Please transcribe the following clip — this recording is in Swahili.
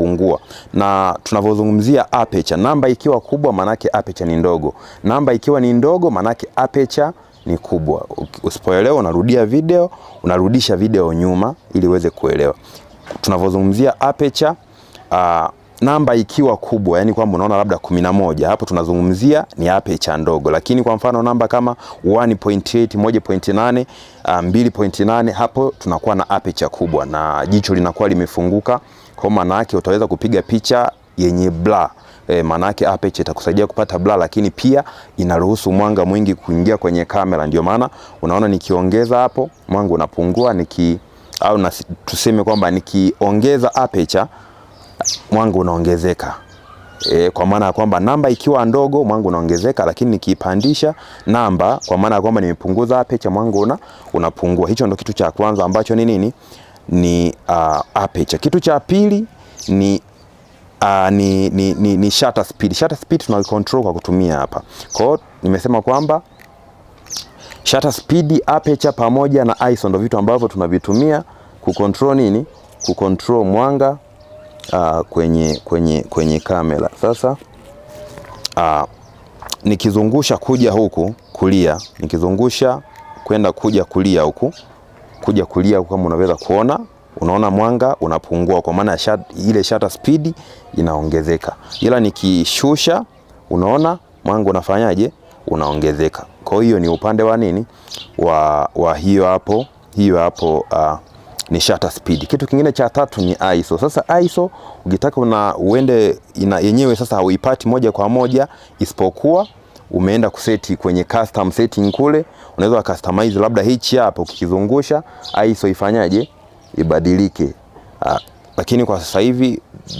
kupungua. Na tunavyozungumzia aperture, namba ikiwa kubwa manake aperture ni ndogo, namba ikiwa ni ndogo manake aperture ni kubwa. Usipoelewa unarudia video, unarudisha video nyuma ili uweze kuelewa. Tunavyozungumzia aperture uh, namba ikiwa kubwa, yani kwamba unaona labda 11 hapo tunazungumzia ni cha ndogo. Lakini kwa mfano namba kama 1.8, 1.8, 2.8, hapo tunakuwa na apecha kubwa na jicho linakuwa limefunguka, kwa maana yake utaweza kupiga picha yenye blur. E, maana yake aperture itakusaidia kupata blur, lakini pia inaruhusu mwanga mwingi kuingia kwenye kamera. Ndio maana unaona nikiongeza hapo mwanga unapungua, niki au na tuseme kwamba nikiongeza aperture mwanga unaongezeka. E, kwa maana ya kwamba namba ikiwa ndogo mwanga unaongezeka, lakini nikiipandisha namba, kwa maana ya kwamba nimepunguza aperture, mwanga una unapungua. Hicho ndo kitu cha kwanza ambacho ni nini? Ni uh, aperture. Kitu cha pili ni Uh, ni, ni, ni, ni shutter speed. Shutter speed tuna control kwa kutumia hapa. Kwa hiyo nimesema kwamba shutter speed, aperture pamoja na ISO ndio vitu ambavyo tunavitumia kucontrol nini? Kucontrol mwanga uh, kwenye, kwenye, kwenye kamera. Sasa uh, nikizungusha kuja huku kulia, nikizungusha kwenda kuja kulia huku kuja kulia huku, kama unaweza kuona, unaona mwanga unapungua kwa maana shat, ile shutter speed inaongezeka, ila nikishusha, unaona mwanga unafanyaje? Unaongezeka. Kwa hiyo ni upande wa nini wa, wa hiyo hapo hiyo hapo uh, ni shutter speed. Kitu kingine cha tatu ni ISO. Sasa ISO ukitaka una uende ina, yenyewe sasa hauipati moja kwa moja isipokuwa umeenda kuseti kwenye custom setting kule, unaweza customize labda hichi hapa ukikizungusha ISO ifanyaje ibadilike. Ah, lakini kwa sasa hivi